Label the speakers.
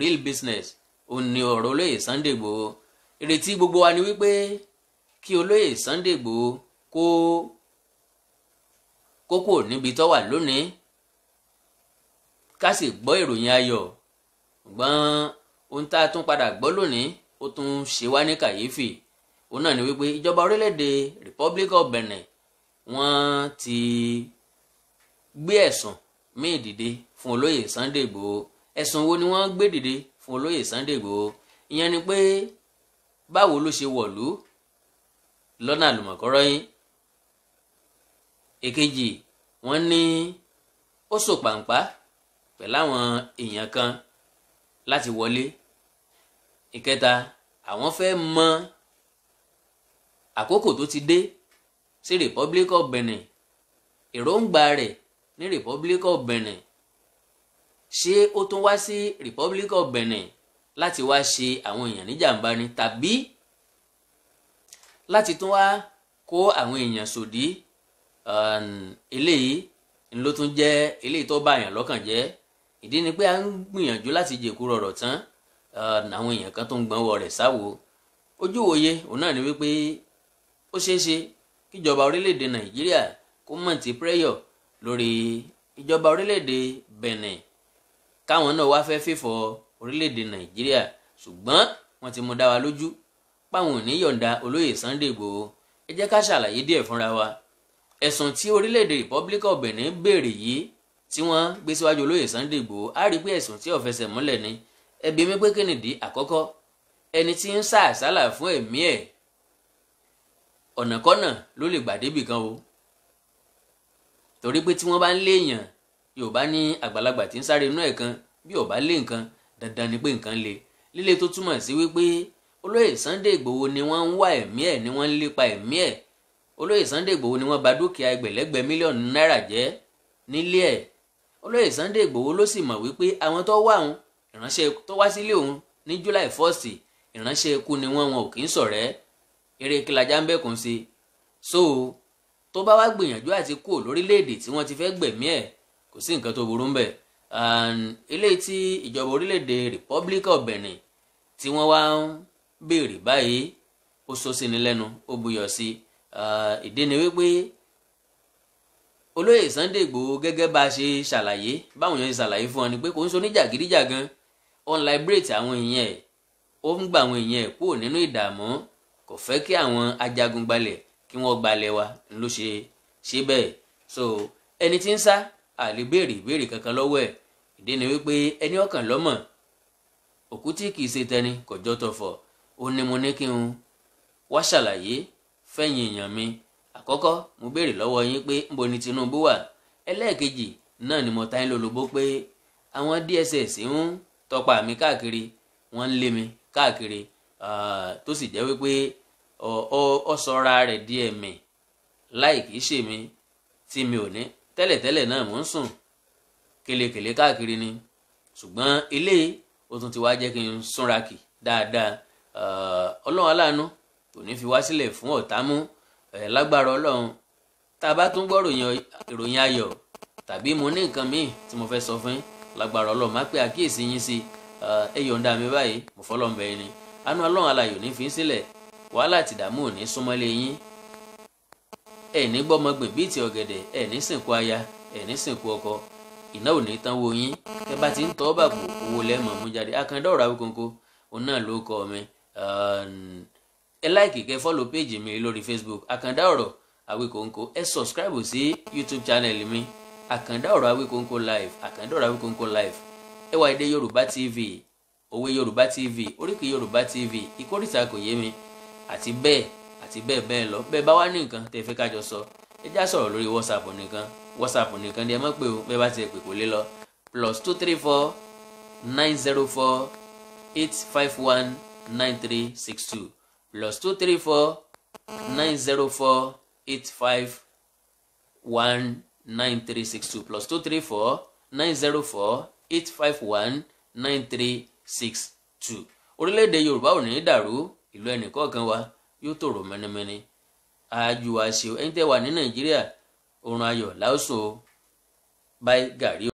Speaker 1: real business ó ní ọ̀rọ̀ olóyè Sunday Igboho ìrètí gbogbo wa ni wípé kí olóyè Sunday Igboho kó kókò níbi tó wà lónìí ká sì gbọ́ ìròyìn ayọ̀ gbọ́n ohun tá a tún padà gbọ́ lónìí ó tún ṣe wá ní kàyéfì òun náà ni wípé ìjọba orílẹ̀-èdè Republic of Benin wọ́n ti gbé ẹ̀sùn míì dìde fún olóyè Sunday Igboho ẹ̀sùn wo ni wọ́n gbé dìde fún olóyè Sunday Igboho ìyẹn ni pé báwo ló ṣe wọ̀lú lọ́nà àlùmọ̀kọ́rọ́ yín èkejì wọ́n ní ó sò pàǹpá pẹ̀lú àwọn èèyàn kan láti wọlé ìkẹta àwọn fẹ́ mọ àkókò tó ti dé sí Republic of Benin èròǹgbà rẹ̀ ní Republic of Benin ṣé ó tún wá sí Republic of Benin láti wá ṣe àwọn èèyàn níjàmbá ni tàbí láti tún wá kó àwọn èèyàn sòdí um, eléyìí ló tún jẹ́ eléyìí tó bá èèyàn lọ́kàn jẹ́ ìdí ni pé a ń gbìyànjú láti jèkú rọ̀rọ̀ tán um, àwọn èèyàn kan tó ń gbọ́n wọ rẹ̀ sáwo ojú òye òun náà ni wípé ó ṣeé ṣe kíjọba orílẹ̀-èdè Nàìjíríà kó mọ̀ntì prẹ́yọ̀ lórí ìjọba orílẹ̀-èdè Benin káwọn náà wá fẹ́ fífọ orílẹ̀-èdè nàìjíríà ṣùgbọ́n wọ́n ti mú dá wa lójú páwọn ò ní yọ̀ǹda olóyè Sunday Igboho ẹ jẹ́ ká ṣàlàyé díẹ̀ fúnra wa ẹ̀sùn tí orílẹ̀-èdè Republic of Benin béèrè yìí tí wọ́n gbé síwájú olóyè Sunday Igboho á rí pé ẹ̀sùn tí ò fẹsẹ̀ múlẹ̀ ni ẹbí mi pé kí nìdí àkọ́kọ́ ẹni tí ń sá àsálà fún ẹ̀mí ẹ̀ ọ̀nàkọ́nà ló lè gbà débì kan o torí pé tí wọ́n bá ń léèyàn yorùbá ní àgbàlagbà tí ń sáré inú ẹ̀ kan bí ọ̀bá lé nǹkan dandan ni pé nǹkan le líle tó túmọ̀ sí wípé olóyè Sunday Ìgbòho ni wọ́n ń wá ẹ̀mí ẹ̀ ni wọ́n ń lépa ẹ̀mí ẹ̀ olóyè Sunday Ìgbòho ni wọ́n bà dúkìá ẹgbẹ̀lẹ́gbẹ̀ mílíọ̀nù náírà jẹ́ nílé ẹ̀ olóyè Sunday Ìgbòho ló sì mọ̀ wípé àwọn tó wá òun ìránṣẹ́ tó wá sílé òun ní July first st ìránṣẹ́ ikú ni wọ́n wọn ò kì í ṣọ̀rẹ́ eré kílajà ń bẹ̀kùn sí so tó bá wá gbìyànjú àti kú lórílẹ̀‐èdè tí wọ́n ti fẹ́ gbẹ̀mí ẹ̀ kò sí nǹkan tó burú mbẹ̀ eléyìí tí ìjọba orílẹ̀-èdè Republic of Benin tí wọ́n wá ń béèrè báyìí ó sọ sí ni lẹ́nu ó buyọ̀ sí uh, ìdí ni wípé olóyè Sunday Igboho gẹ́gẹ́ bá a ṣe ṣàlàyé báwọn èèyàn ṣe ṣàlàyé fún ọ ni pé kò ń so ní jàgídíjàgan ó liberate àwọn èèyàn ẹ̀ ó ń gba àwọn èèyàn ẹ̀ kúrò nínú ìdààmú kò fẹ́ kí àwọn ajagun gbalẹ̀ kí wọ́n gbalẹ̀ wa ló ṣe ṣe bẹ́ẹ̀ so ẹni tí ń sá àlè béèrè ìbéèrè kankan lọ́wọ́ ẹ̀ ìdí ni wípé ẹni ọkàn lọ́mọ̀ òkú tí kìí ṣe tẹni kọjọ́ tọ̀fọ̀ ó ní mo ní kí n wá ṣàlàyé fẹ̀yìn èèyàn mi àkọ́kọ́ mo béèrè lọ́wọ́ yín pé ńbo ni Tinubu wà ẹlẹ́ẹ̀kejì náà ni mo ta yín lólobó pé àwọn DSS ń tọpa mi káàkiri wọ́n ń lé mi káàkiri tó sì jẹ́ wípé ọ sọra rẹ̀ díẹ̀ mi láì kìí ṣe tí mi ò ní tẹ́lẹ̀tẹ́lẹ̀ náà mò ń sùn kélekèle káàkiri ni ṣùgbọ́n ilé ó tún ti wá jẹ́ kí n súnra kì dáadáa ọlọ́run aláàánú kò ní fi wá sílẹ̀ fún ọ̀tá mú lágbára ọlọ́run tá a bá tún gbọ́ ìròyìn ayọ̀ tàbí mo ní nǹkan míì tí mo fẹ́ sọ fún lágbára ọlọ́run má pé àkíyèsí yín sí ẹ yọ̀ǹda mi báyìí mo fọlọ́run bẹ̀ ni àánú ọlọ́run aláyọ̀ ní fi sílẹ̀ wàhálà àtìdààmú ò ní súnmọ́lé yín ẹ̀ní gbọ́mọgbìn bíi ti ọ̀gẹ̀dẹ̀ ẹ̀ní sìnkú aya ẹ̀ní sìnkú ọkọ ìná ò ní tán wo yín ẹ bá ti ń tọ́ bàbò owó lẹ́mọ̀ mú jáde akandọ́ọ̀rọ̀ awíkóńkó òun náà ló kọ́ mi ẹ láìkì kẹ́ fọ́lọ̀ péjì mi lórí Facebook àkàndá ọ̀rọ̀ awíkóńkó ẹ sọ̀scribe sí YouTube channel mi àkàndá ọ̀rọ̀ live àkàndá ọ̀rọ̀ live ẹ wá èdè Yorùbá TV òwe Yorùbá TV oríkì Yorùbá TV ìkórìtà kò yé mi àti bẹ́ẹ̀ àti bẹ́ẹ̀ bẹ́ẹ̀ lọ bẹ́ẹ̀ bá wá ní nǹkan tẹ́ fẹ́ kájọ sọ ẹ já sọ̀rọ̀ lórí whatsapp nìkan whatsapp nìkan ni ẹ mọ̀ pé o bẹ́ẹ̀ bá ti pè kò lé lọ plus two three four nine zero four eight five one nine three six two plus two three four nine zero four eight five one nine three six two plus two three four nine zero four eight five one nine three six two orílẹ̀-èdè yorùbá ò ní dàrú ìlú ẹnìkọ̀ọ̀kan wa yóò tòrò mẹ́nẹ́mẹ́nẹ́ aájú wa ṣe ẹni tẹ́ wà ní nàìjíríà oorun ayọ̀ láòsùn o báyìí gàrí.